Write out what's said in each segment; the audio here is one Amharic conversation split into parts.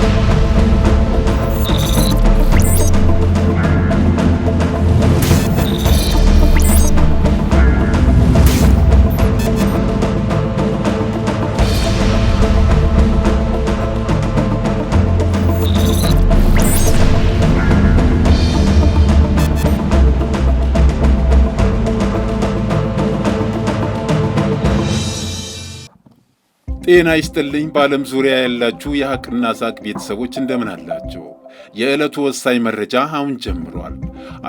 Thank you. ጤና ይስጥልኝ። በዓለም ዙሪያ ያላችሁ የሐቅና ሳቅ ቤተሰቦች እንደምን አላቸው? የዕለቱ ወሳኝ መረጃ አሁን ጀምሯል።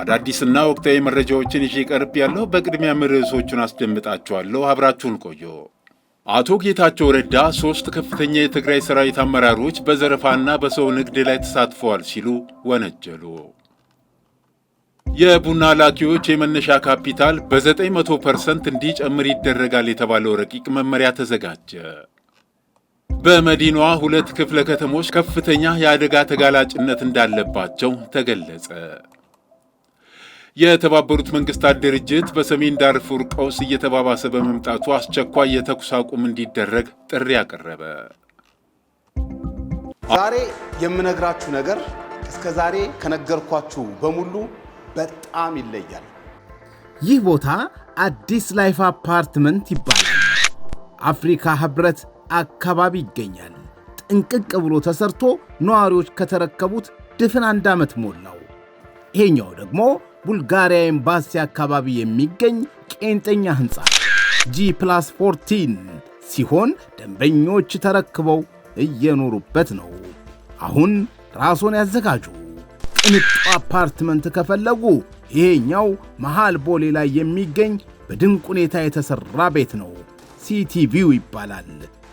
አዳዲስና ወቅታዊ መረጃዎችን ይዤ ቀርብ ያለው በቅድሚያ ርዕሶቹን አስደምጣችኋለሁ። አብራችሁን ቆዩ። አቶ ጌታቸው ረዳ ሦስት ከፍተኛ የትግራይ ሰራዊት አመራሮች በዘረፋና በሰው ንግድ ላይ ተሳትፈዋል ሲሉ ወነጀሉ። የቡና ላኪዎች የመነሻ ካፒታል በ900 ፐርሰንት እንዲጨምር ይደረጋል የተባለው ረቂቅ መመሪያ ተዘጋጀ። በመዲናዋ ሁለት ክፍለ ከተሞች ከፍተኛ የአደጋ ተጋላጭነት እንዳለባቸው ተገለጸ። የተባበሩት መንግስታት ድርጅት በሰሜን ዳርፉር ቀውስ እየተባባሰ በመምጣቱ አስቸኳይ የተኩስ አቁም እንዲደረግ ጥሪ አቀረበ። ዛሬ የምነግራችሁ ነገር እስከ ዛሬ ከነገርኳችሁ በሙሉ በጣም ይለያል። ይህ ቦታ አዲስ ላይፍ አፓርትመንት ይባላል። አፍሪካ ህብረት አካባቢ ይገኛል። ጥንቅቅ ብሎ ተሰርቶ ነዋሪዎች ከተረከቡት ድፍን አንድ ዓመት ሞላው። ይሄኛው ደግሞ ቡልጋሪያ ኤምባሲ አካባቢ የሚገኝ ቄንጠኛ ሕንፃ ጂ ፕላስ 14 ሲሆን ደንበኞች ተረክበው እየኖሩበት ነው። አሁን ራስዎን ያዘጋጁ። ቅንጡ አፓርትመንት ከፈለጉ ይሄኛው መሃል ቦሌ ላይ የሚገኝ በድንቅ ሁኔታ የተሠራ ቤት ነው። ሲቲቪው ይባላል።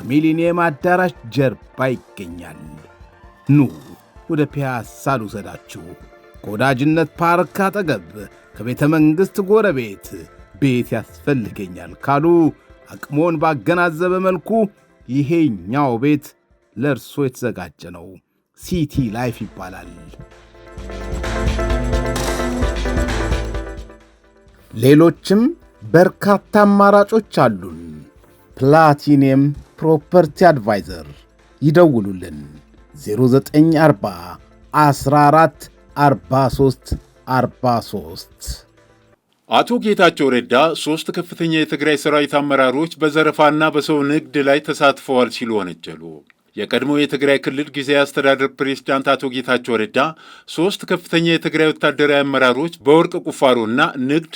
ከሚሊኒየም አዳራሽ ጀርባ ይገኛል። ኑ ወደ ፒያሳ ልውሰዳችሁ። ከወዳጅነት ፓርክ አጠገብ ከቤተ መንግሥት ጎረቤት ቤት ያስፈልገኛል ካሉ አቅሞን ባገናዘበ መልኩ ይሄኛው ቤት ለእርሶ የተዘጋጀ ነው። ሲቲ ላይፍ ይባላል። ሌሎችም በርካታ አማራጮች አሉን። ፕላቲኒየም ፕሮፐርቲ አድቫይዘር ይደውሉልን 0940 14 43 43 አቶ ጌታቸው ረዳ ሶስት ከፍተኛ የትግራይ ሰራዊት አመራሮች በዘረፋና በሰው ንግድ ላይ ተሳትፈዋል ሲሉ ወነጀሉ። የቀድሞ የትግራይ ክልል ጊዜያዊ አስተዳደር ፕሬዚዳንት አቶ ጌታቸው ረዳ ሶስት ከፍተኛ የትግራይ ወታደራዊ አመራሮች በወርቅ ቁፋሮና ንግድ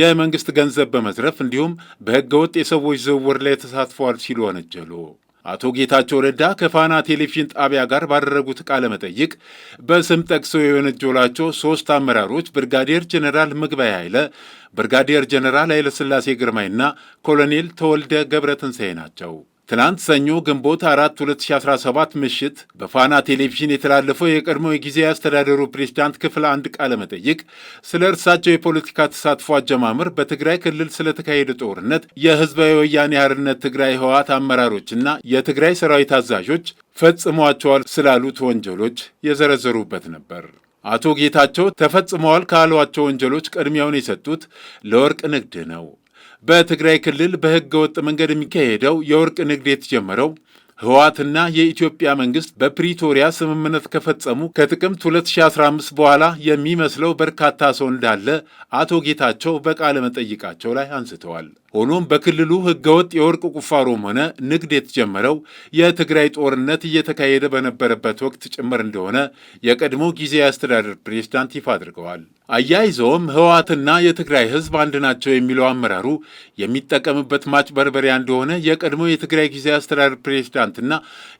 የመንግስት ገንዘብ በመዝረፍ እንዲሁም በህገወጥ የሰዎች ዝውውር ላይ ተሳትፈዋል ሲሉ ወነጀሉ። አቶ ጌታቸው ረዳ ከፋና ቴሌቪዥን ጣቢያ ጋር ባደረጉት ቃለ መጠይቅ በስም ጠቅሰው የወነጀሏቸው ሶስት አመራሮች ብርጋዴር ጀኔራል ምግባይ ኃይለ፣ ብርጋዴር ጀኔራል ኃይለሥላሴ ግርማይና ኮሎኔል ተወልደ ገብረትንሳኤ ናቸው። ትናንት ሰኞ ግንቦት 4 2017 ምሽት በፋና ቴሌቪዥን የተላለፈው የቀድሞ የጊዜ አስተዳደሩ ፕሬዚዳንት ክፍል አንድ ቃለ መጠይቅ ስለ እርሳቸው የፖለቲካ ተሳትፎ አጀማመር፣ በትግራይ ክልል ስለተካሄደ ጦርነት፣ የህዝባዊ ወያኔ ሓርነት ትግራይ ህወሓት አመራሮችና የትግራይ ሰራዊት አዛዦች ፈጽሟቸዋል ስላሉት ወንጀሎች የዘረዘሩበት ነበር። አቶ ጌታቸው ተፈጽመዋል ካሏቸው ወንጀሎች ቅድሚያውን የሰጡት ለወርቅ ንግድ ነው። በትግራይ ክልል በህገ ወጥ መንገድ የሚካሄደው የወርቅ ንግድ የተጀመረው ህወሓትና የኢትዮጵያ መንግስት በፕሪቶሪያ ስምምነት ከፈጸሙ ከጥቅምት 2015 በኋላ የሚመስለው በርካታ ሰው እንዳለ አቶ ጌታቸው በቃለ መጠይቃቸው ላይ አንስተዋል። ሆኖም በክልሉ ህገወጥ የወርቅ ቁፋሮም ሆነ ንግድ የተጀመረው የትግራይ ጦርነት እየተካሄደ በነበረበት ወቅት ጭምር እንደሆነ የቀድሞ ጊዜ አስተዳደር ፕሬዝዳንት ይፋ አድርገዋል። አያይዘውም ህወሓትና የትግራይ ህዝብ አንድ ናቸው የሚለው አመራሩ የሚጠቀምበት ማጭበርበሪያ እንደሆነ የቀድሞ የትግራይ ጊዜ አስተዳደር ፕሬዝዳንትና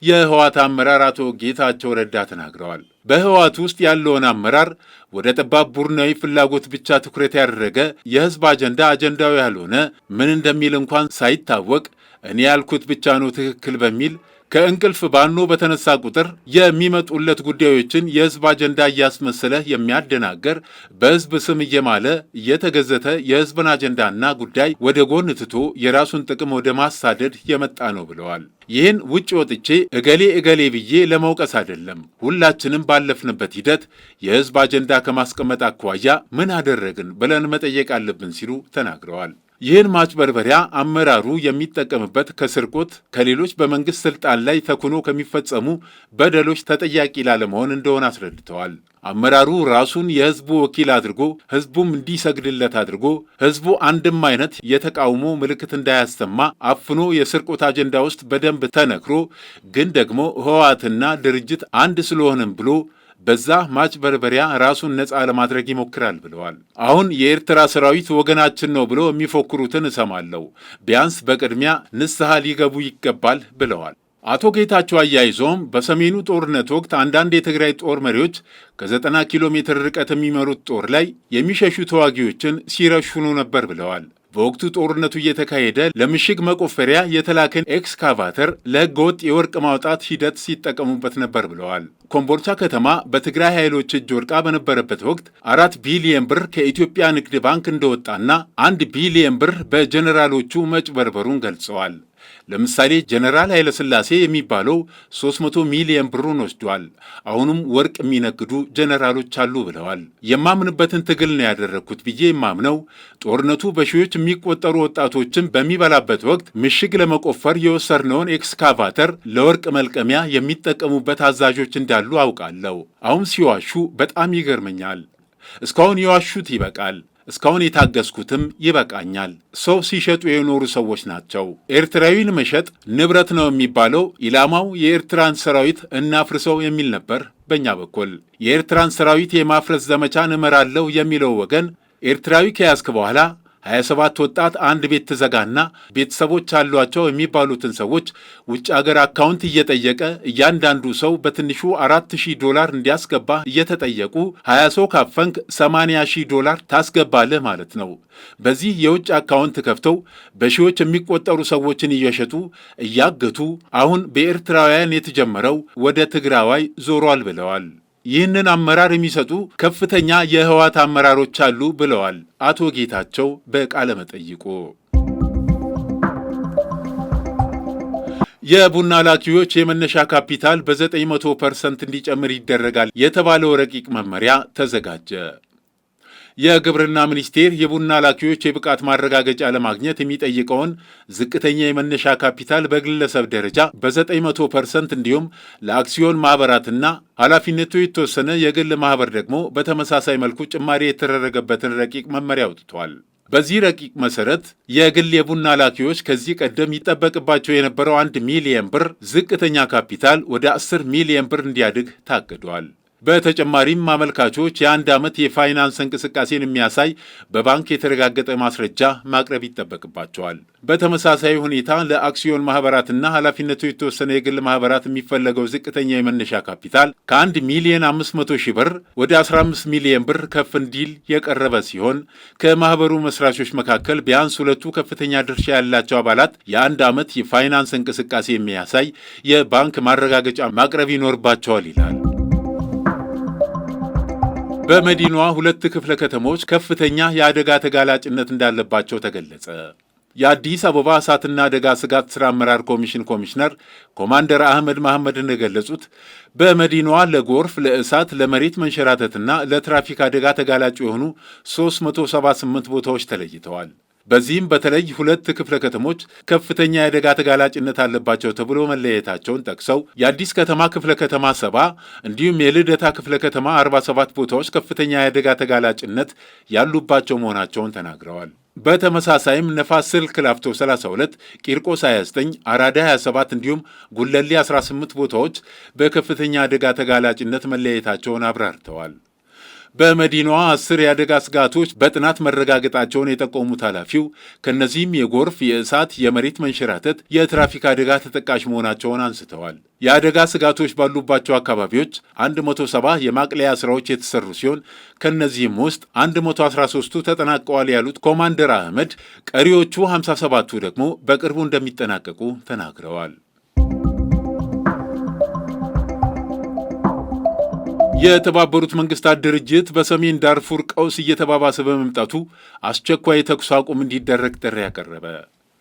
የህወሓት አመራር አቶ ጌታቸው ረዳ ተናግረዋል። በህወሓት ውስጥ ያለውን አመራር ወደ ጠባብ ቡድናዊ ፍላጎት ብቻ ትኩረት ያደረገ የህዝብ አጀንዳ አጀንዳው ያልሆነ ምን እንደሚል እንኳን ሳይታወቅ እኔ ያልኩት ብቻ ነው ትክክል በሚል ከእንቅልፍ ባኖ በተነሳ ቁጥር የሚመጡለት ጉዳዮችን የህዝብ አጀንዳ እያስመሰለ የሚያደናገር በህዝብ ስም እየማለ እየተገዘተ የህዝብን አጀንዳና ጉዳይ ወደ ጎን ትቶ የራሱን ጥቅም ወደ ማሳደድ የመጣ ነው ብለዋል። ይህን ውጭ ወጥቼ እገሌ እገሌ ብዬ ለመውቀስ አይደለም። ሁላችንም ባለፍንበት ሂደት የህዝብ አጀንዳ ከማስቀመጥ አኳያ ምን አደረግን ብለን መጠየቅ አለብን ሲሉ ተናግረዋል። ይህን ማጭበርበሪያ አመራሩ የሚጠቀምበት ከስርቆት ከሌሎች በመንግስት ስልጣን ላይ ተኩኖ ከሚፈጸሙ በደሎች ተጠያቂ ላለመሆን እንደሆነ አስረድተዋል። አመራሩ ራሱን የህዝቡ ወኪል አድርጎ ሕዝቡም እንዲሰግድለት አድርጎ ሕዝቡ አንድም አይነት የተቃውሞ ምልክት እንዳያሰማ አፍኖ የስርቆት አጀንዳ ውስጥ በደንብ ተነክሮ ግን ደግሞ ህወሓትና ድርጅት አንድ ስለሆንም ብሎ በዛ ማጭበርበሪያ ራሱን ነፃ ለማድረግ ይሞክራል ብለዋል። አሁን የኤርትራ ሰራዊት ወገናችን ነው ብሎ የሚፎክሩትን እሰማለሁ። ቢያንስ በቅድሚያ ንስሐ ሊገቡ ይገባል ብለዋል። አቶ ጌታቸው አያይዞም በሰሜኑ ጦርነት ወቅት አንዳንድ የትግራይ ጦር መሪዎች ከ90 ኪሎ ሜትር ርቀት የሚመሩት ጦር ላይ የሚሸሹ ተዋጊዎችን ሲረሽኑ ነበር ብለዋል። በወቅቱ ጦርነቱ እየተካሄደ ለምሽግ መቆፈሪያ የተላከን ኤክስካቫተር ለህገወጥ የወርቅ ማውጣት ሂደት ሲጠቀሙበት ነበር ብለዋል። ኮምቦልቻ ከተማ በትግራይ ኃይሎች እጅ ወድቃ በነበረበት ወቅት አራት ቢሊየን ብር ከኢትዮጵያ ንግድ ባንክ እንደወጣና አንድ ቢሊየን ብር በጀኔራሎቹ መጭበርበሩን ገልጸዋል። ለምሳሌ ጀነራል ኃይለስላሴ የሚባለው 300 ሚሊየን ብሩን ወስዷል። አሁንም ወርቅ የሚነግዱ ጀነራሎች አሉ ብለዋል። የማምንበትን ትግል ነው ያደረግኩት ብዬ የማምነው ጦርነቱ በሺዎች የሚቆጠሩ ወጣቶችን በሚበላበት ወቅት ምሽግ ለመቆፈር የወሰድነውን ኤክስካቫተር ለወርቅ መልቀሚያ የሚጠቀሙበት አዛዦች እንዳሉ አውቃለሁ። አሁን ሲዋሹ በጣም ይገርመኛል። እስካሁን የዋሹት ይበቃል። እስካሁን የታገስኩትም ይበቃኛል። ሰው ሲሸጡ የኖሩ ሰዎች ናቸው። ኤርትራዊን መሸጥ ንብረት ነው የሚባለው ኢላማው የኤርትራን ሰራዊት እናፍርሰው የሚል ነበር። በእኛ በኩል የኤርትራን ሰራዊት የማፍረስ ዘመቻ እመራለሁ የሚለው ወገን ኤርትራዊ ከያዝክ በኋላ 27 ወጣት አንድ ቤት ትዘጋና ቤተሰቦች አሏቸው የሚባሉትን ሰዎች ውጭ አገር አካውንት እየጠየቀ እያንዳንዱ ሰው በትንሹ 4000 ዶላር እንዲያስገባ እየተጠየቁ 20 ሰው ካፈንክ 80000 ዶላር ታስገባለህ ማለት ነው። በዚህ የውጭ አካውንት ከፍተው በሺዎች የሚቆጠሩ ሰዎችን እየሸጡ እያገቱ አሁን በኤርትራውያን የተጀመረው ወደ ትግራዋይ ዞሯል ብለዋል። ይህንን አመራር የሚሰጡ ከፍተኛ የህወሓት አመራሮች አሉ ብለዋል አቶ ጌታቸው በቃለ መጠይቁ። የቡና ላኪዎች የመነሻ ካፒታል በ900 ፐርሰንት እንዲጨምር ይደረጋል የተባለው ረቂቅ መመሪያ ተዘጋጀ። የግብርና ሚኒስቴር የቡና ላኪዎች የብቃት ማረጋገጫ ለማግኘት የሚጠይቀውን ዝቅተኛ የመነሻ ካፒታል በግለሰብ ደረጃ በ900 ፐርሰንት እንዲሁም ለአክሲዮን ማኅበራትና ኃላፊነቱ የተወሰነ የግል ማኅበር ደግሞ በተመሳሳይ መልኩ ጭማሪ የተደረገበትን ረቂቅ መመሪያ አውጥቷል። በዚህ ረቂቅ መሰረት የግል የቡና ላኪዎች ከዚህ ቀደም ይጠበቅባቸው የነበረው አንድ ሚሊየን ብር ዝቅተኛ ካፒታል ወደ 10 ሚሊየን ብር እንዲያድግ ታቅዷል። በተጨማሪም አመልካቾች የአንድ ዓመት የፋይናንስ እንቅስቃሴን የሚያሳይ በባንክ የተረጋገጠ ማስረጃ ማቅረብ ይጠበቅባቸዋል። በተመሳሳይ ሁኔታ ለአክሲዮን ማህበራትና ኃላፊነቱ የተወሰነ የግል ማህበራት የሚፈለገው ዝቅተኛ የመነሻ ካፒታል ከ1 ሚሊየን 500 ሺህ ብር ወደ 15 ሚሊየን ብር ከፍ እንዲል የቀረበ ሲሆን ከማህበሩ መስራቾች መካከል ቢያንስ ሁለቱ ከፍተኛ ድርሻ ያላቸው አባላት የአንድ ዓመት የፋይናንስ እንቅስቃሴ የሚያሳይ የባንክ ማረጋገጫ ማቅረብ ይኖርባቸዋል ይላል። በመዲናዋ ሁለት ክፍለ ከተሞች ከፍተኛ የአደጋ ተጋላጭነት እንዳለባቸው ተገለጸ። የአዲስ አበባ እሳትና አደጋ ስጋት ሥራ አመራር ኮሚሽን ኮሚሽነር ኮማንደር አህመድ መሐመድ እንደገለጹት በመዲናዋ ለጎርፍ፣ ለእሳት፣ ለመሬት መንሸራተትና ለትራፊክ አደጋ ተጋላጭ የሆኑ 378 ቦታዎች ተለይተዋል። በዚህም በተለይ ሁለት ክፍለ ከተሞች ከፍተኛ የአደጋ ተጋላጭነት አለባቸው ተብሎ መለየታቸውን ጠቅሰው የአዲስ ከተማ ክፍለ ከተማ ሰባ እንዲሁም የልደታ ክፍለ ከተማ 47 ቦታዎች ከፍተኛ የአደጋ ተጋላጭነት ያሉባቸው መሆናቸውን ተናግረዋል። በተመሳሳይም ነፋስ ስልክ ላፍቶ 32፣ ቂርቆስ 29፣ አራዳ 27 እንዲሁም ጉለሌ 18 ቦታዎች በከፍተኛ አደጋ ተጋላጭነት መለየታቸውን አብራርተዋል። በመዲናዋ አስር የአደጋ ስጋቶች በጥናት መረጋገጣቸውን የጠቆሙት ኃላፊው ከእነዚህም የጎርፍ፣ የእሳት፣ የመሬት መንሸራተት፣ የትራፊክ አደጋ ተጠቃሽ መሆናቸውን አንስተዋል። የአደጋ ስጋቶች ባሉባቸው አካባቢዎች 170 የማቅለያ ስራዎች የተሰሩ ሲሆን ከእነዚህም ውስጥ 113ቱ ተጠናቀዋል ያሉት ኮማንደር አህመድ ቀሪዎቹ 57ቱ ደግሞ በቅርቡ እንደሚጠናቀቁ ተናግረዋል። የተባበሩት መንግስታት ድርጅት በሰሜን ዳርፉር ቀውስ እየተባባሰ በመምጣቱ አስቸኳይ የተኩስ አቁም እንዲደረግ ጥሪ ያቀረበ።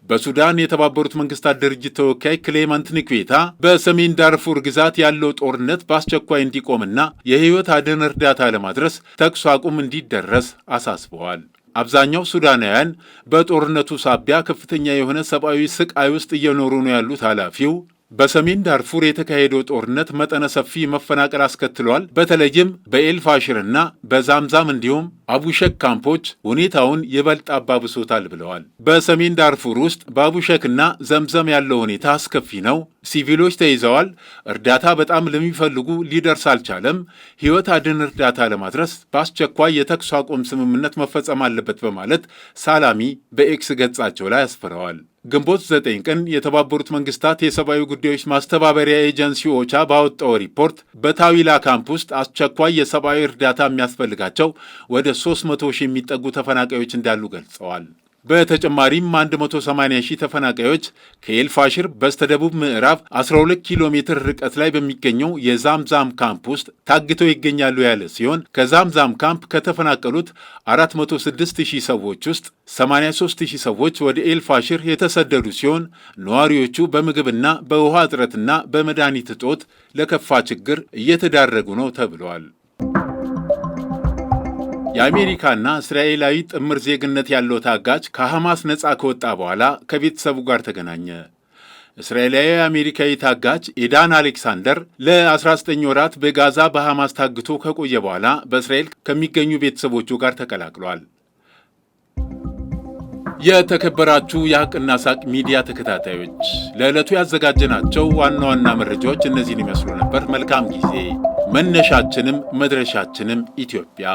በሱዳን የተባበሩት መንግስታት ድርጅት ተወካይ ክሌመንት ንኩዌታ በሰሜን ዳርፉር ግዛት ያለው ጦርነት በአስቸኳይ እንዲቆምና የህይወት አድን እርዳታ ለማድረስ ተኩስ አቁም እንዲደረስ አሳስበዋል። አብዛኛው ሱዳናውያን በጦርነቱ ሳቢያ ከፍተኛ የሆነ ሰብአዊ ስቃይ ውስጥ እየኖሩ ነው ያሉት ኃላፊው በሰሜን ዳርፉር የተካሄደው ጦርነት መጠነ ሰፊ መፈናቀል አስከትሏል። በተለይም በኤልፋሽርና በዛምዛም እንዲሁም አቡሸክ ካምፖች ሁኔታውን ይበልጥ አባብሶታል ብለዋል። በሰሜን ዳርፉር ውስጥ በአቡሸክና ዘምዘም ያለው ሁኔታ አስከፊ ነው። ሲቪሎች ተይዘዋል። እርዳታ በጣም ለሚፈልጉ ሊደርስ አልቻለም። ሕይወት አድን እርዳታ ለማድረስ በአስቸኳይ የተኩስ አቁም ስምምነት መፈጸም አለበት በማለት ሳላሚ በኤክስ ገጻቸው ላይ አስፍረዋል። ግንቦት 9 ቀን የተባበሩት መንግስታት የሰብአዊ ጉዳዮች ማስተባበሪያ ኤጀንሲ ኦቻ ባወጣው ሪፖርት በታዊላ ካምፕ ውስጥ አስቸኳይ የሰብአዊ እርዳታ የሚያስፈልጋቸው ወደ 300 ሺህ የሚጠጉ ተፈናቃዮች እንዳሉ ገልጸዋል። በተጨማሪም 180 ሺህ ተፈናቃዮች ከኤልፋሽር በስተደቡብ ምዕራብ 12 ኪሎ ሜትር ርቀት ላይ በሚገኘው የዛምዛም ካምፕ ውስጥ ታግተው ይገኛሉ ያለ ሲሆን ከዛምዛም ካምፕ ከተፈናቀሉት 406 ሺህ ሰዎች ውስጥ 83 ሺህ ሰዎች ወደ ኤልፋሽር የተሰደዱ ሲሆን ነዋሪዎቹ በምግብና በውሃ እጥረትና በመድኃኒት እጦት ለከፋ ችግር እየተዳረጉ ነው ተብለዋል። የአሜሪካና እስራኤላዊ ጥምር ዜግነት ያለው ታጋች ከሐማስ ነፃ ከወጣ በኋላ ከቤተሰቡ ጋር ተገናኘ። እስራኤላዊ አሜሪካዊ ታጋች ኤዳን አሌክሳንደር ለ19 ወራት በጋዛ በሐማስ ታግቶ ከቆየ በኋላ በእስራኤል ከሚገኙ ቤተሰቦቹ ጋር ተቀላቅሏል። የተከበራችሁ የሐቅና ሳቅ ሚዲያ ተከታታዮች ለዕለቱ ያዘጋጀናቸው ዋና ዋና መረጃዎች እነዚህን ይመስሉ ነበር። መልካም ጊዜ። መነሻችንም መድረሻችንም ኢትዮጵያ።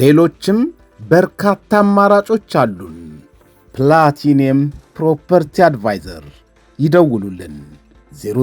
ሌሎችም በርካታ አማራጮች አሉን። ፕላቲኒየም ፕሮፐርቲ አድቫይዘር ይደውሉልን